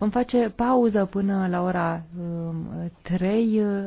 Vom face pauză până la ora 3 um,